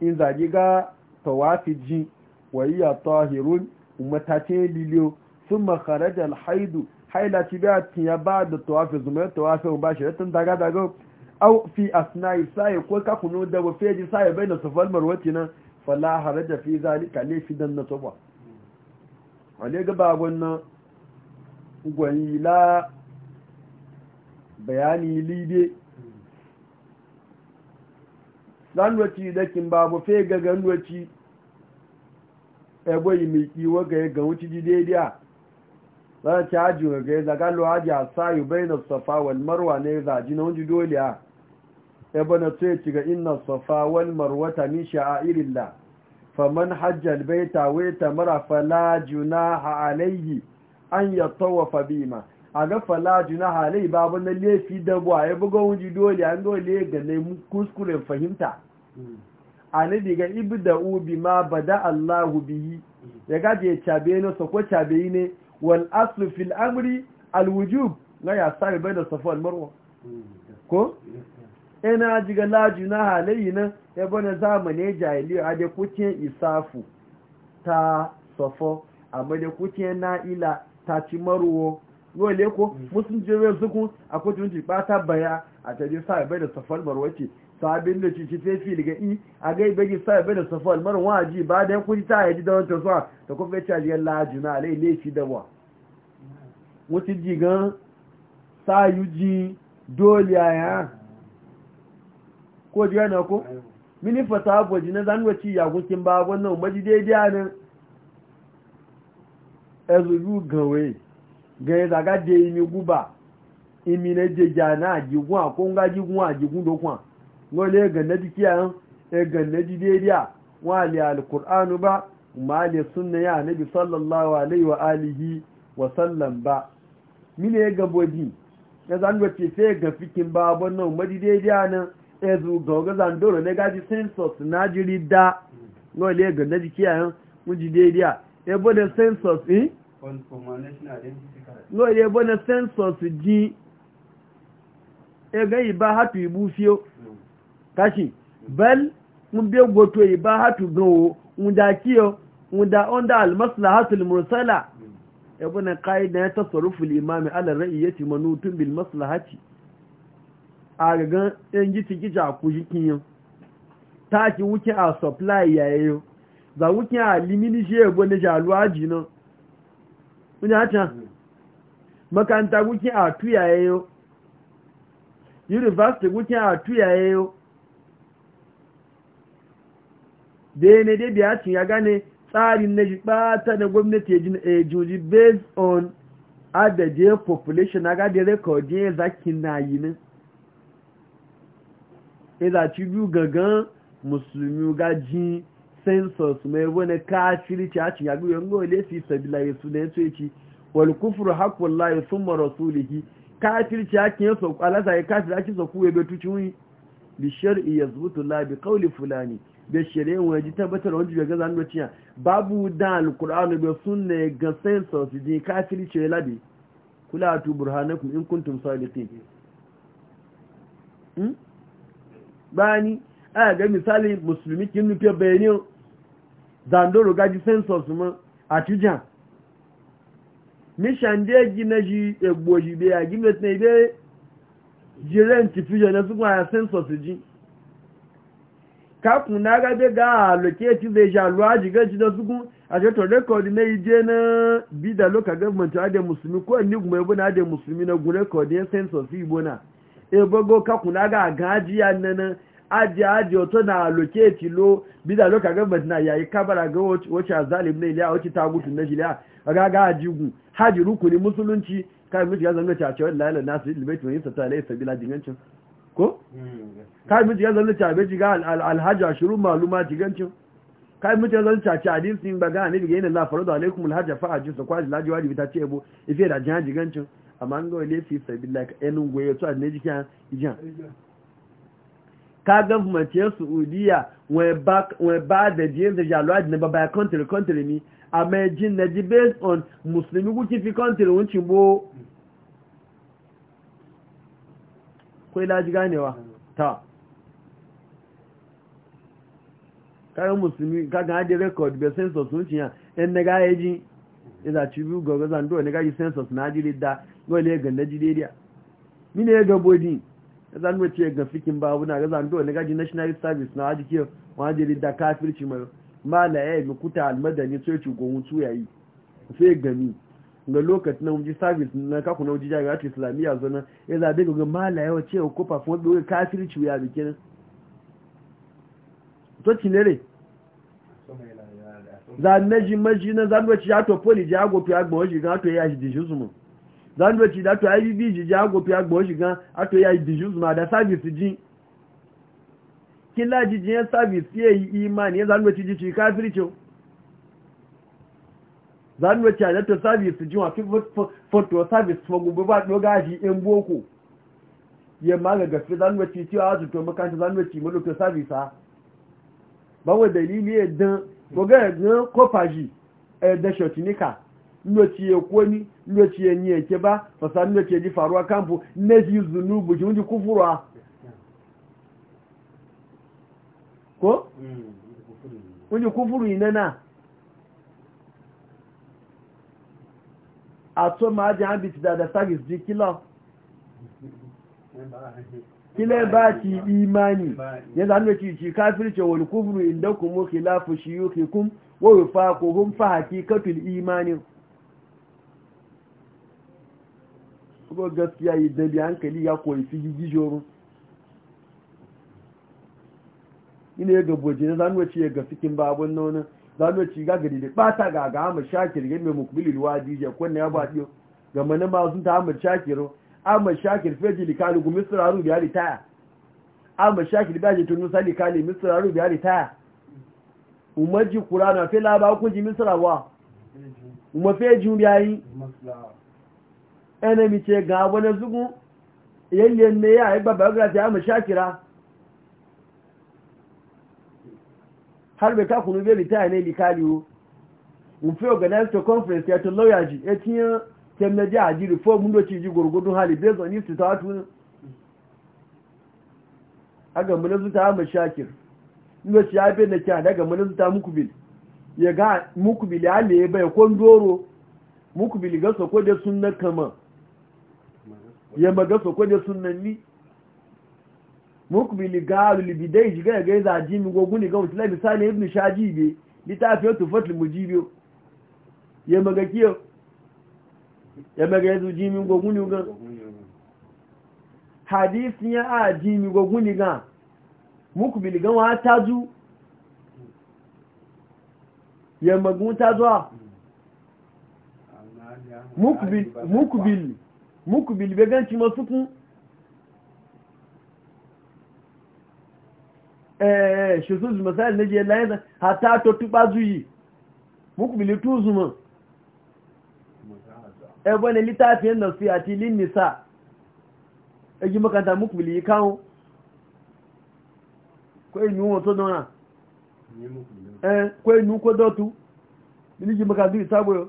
in zagi ga tawafi ji wa iya tahirun matacin liliyo sun makarajar haidu haila ci biya tiya ba da tawafi zumar tawafi ba shi tun daga-daga au fi asnai sai ko kakunu da wafeji sai bai na sufal marwaci nan fala haraja fi zalika fi dan na tuba wane gaba wannan gwani bayani libe zanwaci da kin babu fe ga ganwaci ebo yi mai kiwo ga ga wuci daidai a zana ci haji ga za zaga lo aji a sayu bai safa wal marwa ne zaji na wuci dole a ebo na so ci ga inna safa wal ta min sha'airillah faman hajjal baita wai fala junaha alaihi an yatawafa bima a ga fala halai babu na laifi da buwa ya buga wuji dole an dole ga na kuskuren fahimta hmm. a ni diga ibi da ubi ma bada allahu biyi hmm. ya gaji ya cabe na sako cabe yi ne wal aslu fil amri alwujub na hmm. ya sami bai da safon marwa ko ina jiga laju na halayi nan ya bane zamane jahiliya a da kucin isafu ta safo amma da kucin na'ila ta ci marwa. yau ne ko mm. musun jere suku a kotun ji bata baya a tare sa bai da safar marwace sabin da ci ci fi daga i a ga bai sa bai da safar marwa ji ba da kuri ta yaji da wancan zuwa ta kuma ya ji yalla juna alai ne shi da wa wasu ji gan sa yuji dole ya ko ji na ko mini fata boji na zan ci ya gukin ba wannan maji daidai nan ezugu gawe gẹ̀ẹ́ ya imi guba imi na jeja na ajigun a ko nga jigun ajigun dokun no le a na dikiya e ga na dideriya wa li ba ma lè sunna yà nabi sallallahu alaihi wa alihi wa sallam ba mine ga ya zan wace ga fikin babu nan madideriya nan e ga zan doro ne ga na jiri da no le ga na a mun jideriya e bodin na lóye bọ́nà sẹ́ńsọ̀sì jí ẹgbẹ́ ìbá hàtù ìbú fí ó káṣì bẹ́l ń bí gbogbo ìbá hàtù gan o ń da kí o ń da ọ́ndà almasla hàtù mursala ẹgbọ́nà káyidá ya ta sọ̀rọ̀fù limami alarar iya ti manu tun bil masla hàtì a gagan yan ji ti gija ku ji kiyan ta ki wuce a supply yayayo za wuce a limini shi ya gwani jaluwa ji nan. Kuna ta? makaranta guki a tuyaye yo university guki a tuyaye yo ne dai biya cin ya gane tsarin na bata na gwamnati ya eh, juji based on adaje population na gadi rekodin ya zaki na yi ne izaci biyu gangan musulmi gaji census mai wani ci a cin ya gwiwa ngole fi sabila yesu da ya tsoye wal sun mara thumma rasulihi kafirci yake yin sauku alasa ya kafir ake sauku ya betu ciwi bi shar'i yazbutu la bi qawli fulani bi shar'i waji tabbatar wanda ga gaza do ciya babu da alqur'anu da sunna ga sense su din kafirci ya labi kula tu burhanakum in kuntum sadiqin hmm? bani a ga misali musulmi kin nufi bayani zandoro gaji sense su mu atujan mishan ndị eji na eji egbo ji ya gị metina ibe jire rent fusion ezugbo sensọs ji kakun na agabe ga na zai ji alu aji gaji na sugun a ceto na ije na bida local government ade musulmi ko ni guma ebo na ade musulmi na gun e rekodi ya sensọs igbo na ebogo kakun na ga gaji ya nana adị adị ụtọ na aloketi lo bida local na yayi ikabara ga wace azalim na a wace tagutu na a. raga jigu haji rukuni musulunci kai miji ya zanna ta cewa lalla nasu ilbaitu ne sata lai bila jigancin ko kai miji ya zanna ta beji ga alhaji ashurun maluma jigancin kai miji ya zanna ta ce hadisin baga ga annabi ga inna la faradu alaikum alhaji fa aji sa kwaji laji wadi ta cebo ife da jihadi gancin amma an ga wale fi sabila ka enun goyo to annabi kan ijan ka government ya saudiya wai ba da jiyar da jaluwaji na babaya country country ni a mai eji na ji based on musulmi kuki fi country wuncin bo kwai laji ganewa ta kayan musulmi kagan adi rekod bai census wuncin ya yan na gaya ji iza cibi gwagwazan do na gaji census na ajiyar da wale ya ganda jideriya mini ya gabodin zan mu ce ga fikin babu na zan do ne gaji national service na haji ke wajiri da kafirci mai mala eh mu kuta almadani sai ci gon su yayi sai gami ga lokacin nan ji service na kaku na jija ta islamiyya zo na ya zabe ga mala yawa ce ko fa fon do kafirci ya bikin to cinere zan naji maji na zan mu ci ato poli ji ago pi agbo ji ga to ya shi dijin su mu zan doci da to ai bi ji ja go fi agbo shi gan ato to yayi bi juz ma da service ji kila ji je service yayi imani ya zan doci ji ci kafiri ce zan doci da to service ji wa fi photo service fo gubu ba do gashi en boko ya ma ga gafi zan doci ci a to makanta zan doci mu to service ha ba wa dalili ya dan e ko ga gan kofaji eh da shotinika lokaci ya koni lokaci ya niye ke ba fasan lokaci ji faruwa kamfu na ji zunubu ji wunji kufurwa ko? wunji kufuru inana a to ma ji an biti da da sagis ji kila kila ba ki imani yanzu an lokaci ci kafirce wani kufuru inda kuma khilafu shiyukikum wa wifaquhum fa haqiqatul imanin kuma gaskiya yi dabi hankali ya koyi fi gigi joro ina ya gabo na za nuna ya ga fikin babun nuna za nuna ga gari da bata ga ga hamar shakir ga mai mukbilin wa dija kwanne ya ba ɗiyo ga mana ma sun ta hamar shakiro hamar shakir feji likali ku misra rubi ya ritaya hamar shakir biya je tunusa likali misra rubi ya ritaya umarji kurana fe laba kuji misra wa umar feji biya yi enemi ce ga wani zugu yayyen ne ya yi babbar gafi ya mashakira har bai kakunu bai ritaya ne likaliyo mufi organized conference ya tun lauya ji ya cinye kemnaji a ji reform mundoci ji gurgudun hali based su ta hatu aga mun zuta mashakir indoci ya bai na kya daga mun zuta mukubil ya ga mukubil ya le bai kon doro mukubil ga sako da sunna kama ya maga soko da sunanni mukbili galu libidai jiga ga za jimi mi gogun ni ga mutla misali ibn shajibe litafiyo tufatul mujibe ya maga kiyo ya maga yazu ji mi gogun ni ga hadisi ya a jimi mi gogun ni ga mukbili ga wa taju ya magun tazwa hmm. mukbil mukbil muku bilbe ganci masu kun eh shi su zuma sai na je layin da hata to tuba zuyi muku bili tu zuma eh bane litafiyan nasiyati lin nisa eji eh, makanta muku bili kawo ko inu e won to dona eh ko inu e ko dotu bili ji yi sabo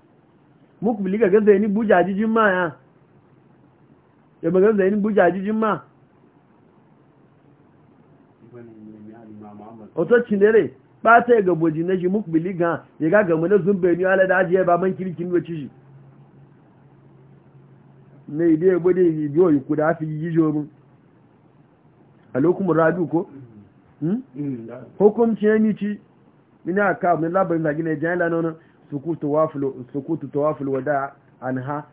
mukbili ga gaza ni buja jijin ma ya ya ba gaza ni buja jijin ma oto cinere ba ta ga boji na shi mukbili ga ya ga gama na zumbe ni ala da ajiye ba man kirkin wacce shi Na ide ya bude yi biyo yi kuda fi yi mu a lokumin radu ko hmm? mm, mm, hukumci ya ni ci ina ka mun labarin zagi na jayan lanonan sukutu tawaful wada anha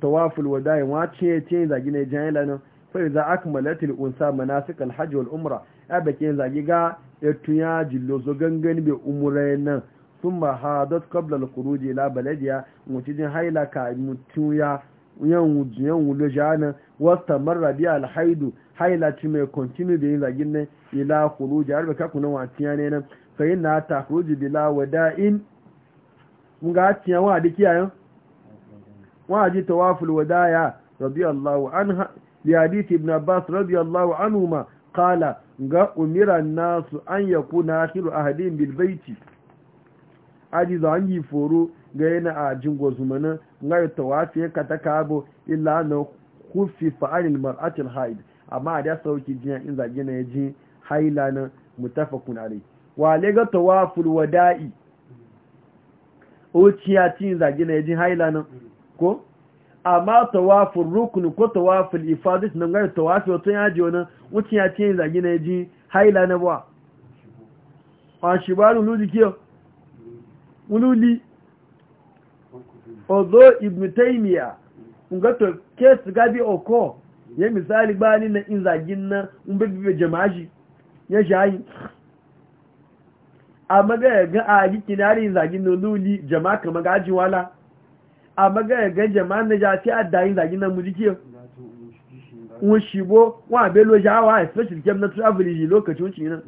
tawaful wada wa ce ce zagi ne jan yana sai za akmalatil unsa manasik alhajj wal umra abake zagi ga etuya jillo zo gangan be umra nan thumma hadat qabla alkhuruj ila baladiya mutijin haila ka mutuya yan wujiyan wulo jana wasta marra bi alhaidu haila ci mai continue da yin zagin nan ila khuruj arba ka kunan watiya ne nan fa inna takhruju bila wada'in nga tiyan wa da kiyayen wa ji tawaful wadaya radiyallahu anha li hadith ibn abbas radiyallahu anhuma qala ga umira nasu an yakuna akhiru ahadin bil baiti aji za an foro ga yana a jingo zumana nga yi tawafi ka ta kabo illa na kufi fa'anil mar'atil haid amma da sauki jiya in zage na yaji haila na mutafakun alai wa le ga tawaful wada'i huciya cin zage na yajin haila nan ko amma tawafin rukunin ko tawafin ifadis nan gari tawafi wato ya ji wani huciya cin zage na yajin haila na ba a shibarin luli kiyo wululi ozo ibn taimiya ngato kes gabi oko ya misali bani na in zagin na in bebe jama'aji ya shayi amma ga yaga a yi kinari zagin na luli jama'a kama gajin wala amma ga yaga jama'a na jafi a dayin zagin na mujikiyar wọn ṣìbó wọn àbélò yáwà especially kem na travel lokaci lokacin ṣì náà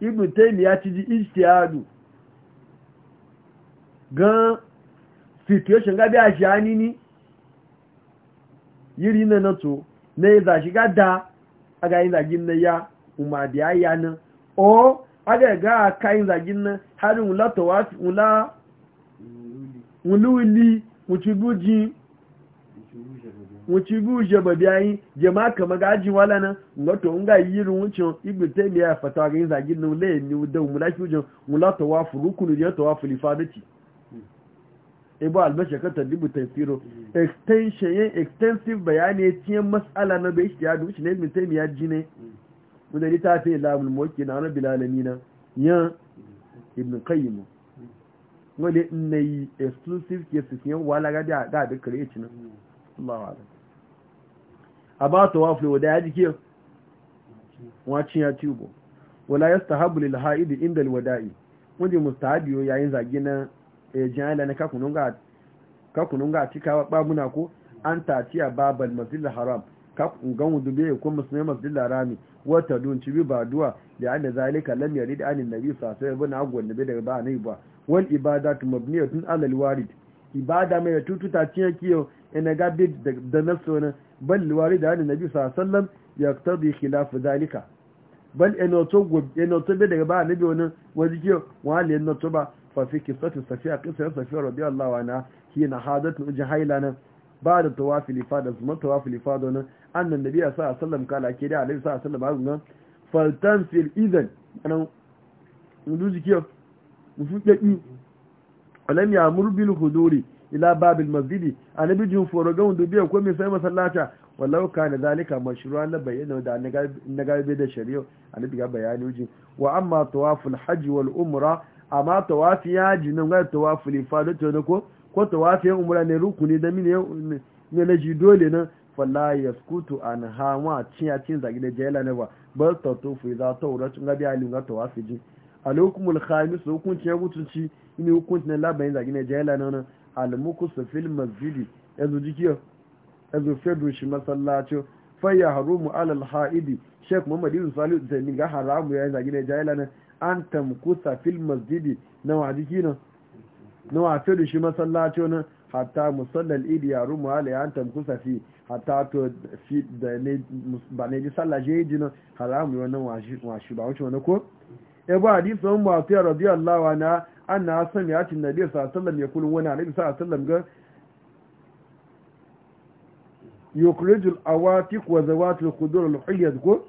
ibùn tẹ́lì ya ti di istihadu gan situation gabi a ṣe anini yiri na nato na yi zashi gada a ga yin zagin na ya umar da ya yi yana o aga ga kayin zagin nan harin wula tawafi wula wuli wuciguji wucigu jababi ayi jama kama gaji wala nan ngato nga yiru wucin igbete biya fatawa ga yin zagin nan ni ibu albashir kan taddibu tafsiro extension yin extensive bayani ya matsala na bai shi ya dubu shi ne mai taimiyar ji ne mm. wanda littafin lamun mawaki na rabbi lalamina yan ibn qayyim wanda ina yi exclusive cases yan wala ga da da da kare ci nan Allahu akbar aba tawafi wa da yaji ke wacin ya tubo wala yastahabu lil haid inda al wada'i wanda mustahabiyo yayin zagi na eh, jihada na kakununga ga cikawa babuna ko an tatiya babal masjidil haram kaf ngamu bai ko musulmai masjid larami wata dun ci bi baduwa da an zalika lam yarid an nabi sallallahu alaihi wasallam agwan nabi daga ba nai ba wal ibadatu mabniyatun ala alwarid ibada mai tututa cin kiyo ina ga bi da naso na bal warid anin nabi sallallahu alaihi wasallam yaqtadi khilaf zalika bal ina to gob ina to bi daga ba nabi wannan wazi kiyo wale ina to ba fa fi qissatu safiya qissatu safiya radiyallahu anha hina hadatu jahailana ba da tawafi lifada zuma tawafi lifada wannan annan nabi sallallahu alaihi kala ke da alaihi sallallahu alaihi wasallam ga faltan fil idan anan ndu jikiyo musu kaki alam ya murbil huduri ila babil masjidi annabi jin foroga wanda biya ko mai sai masallata wallau na zalika mashru'an la bayyana da na gabe da shari'a annabi ga bayani uji wa amma tawaful hajj wal umra amma tawafi haji nan ga tawaful ifadatu ne ko ko tawafi umra ne rukuni da mine ne na ji dole nan fala skutu an ha wa ciya cin zagi da jela ne ba bal tatufu idza gabi ngabi ali wa fiji alhukumul khamis hukunci ya gutunci ne hukunci na labarin zagi ne jayla nan su fil masjidi yanzu jikiyo yanzu fedu shi masallaci fa ya harumu alal haidi sheikh muhammad ibn salih da ni ga haramu ya zagi ne jela nan an tamkusa fil masjidi na wa jikina? na wa fedu shi masallaci na hatta musallal idi ya rumu alai an tamkusa fi hatta to fi da ne ba ne sallah je yi nan haramu wannan washi ba wuce wani ko ba hadisi sun ba ta biyu allawa na an na san ya cin nabi sa sallam ya kullu wani anabi sa sallam ga yukrijul awatik wa zawatul kudur al-hiyyat ko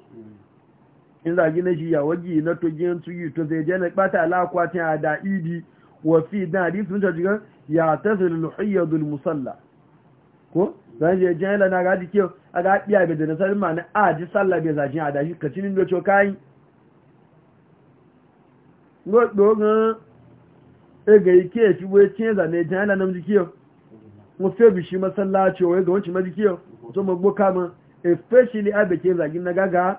in zagi shi ya waji na to gin yi to zai je na bata alakwatin a da idi wa fi da hadisi mun ta jigan ya tazil al-hiyyadul musalla ko zan je jan yana ga dike a ga biya be da nasarin ma na a ji sallah be zajin a dashi do cho kai do ga e ga we cin za ne jan yana dike mo fe bi shi masallaci o ga ma dike to mo gbo especially a ke zagin na gaga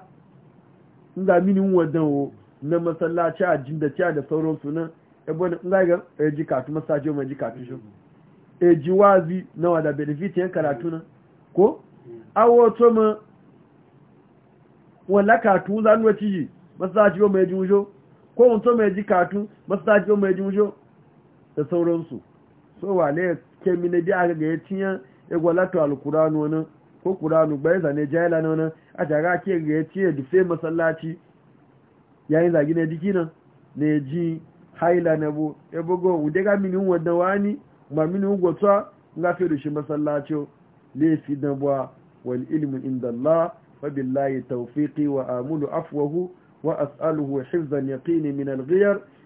nga mini wadan na masallaci a ebe ga e ji masallaci o ejiwazi na wada benefit yan karatu na ko awo to ma wala katu za nwa yi masallaci o mai jinjo ko mutum mai ji katu masallaci o mai jinjo da sauransu so wale kemi na biya ga ya tiyan to alkuranu wani ko gba bai zane jaila na wani a ga ke ga ya tiyan dufe masallaci yayin zagi na dikina na ne ji haila na bu ebogo ude ga mini wadda wani ba mini ugwata na fi shi masallacin laifi na buwa wal ilmin inda Allah wa billahi wa amulu afwahu wa as'aluhu hifzan yaqini min al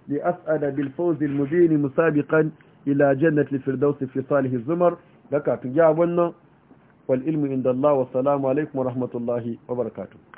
li as'ada bil fawz al-mubin musabiqan ila jannati firdaus fi salih zumar da ka ya wannan wal ilmu inda Allah wa salamu alaikum wa rahmatullahi wa barakatuh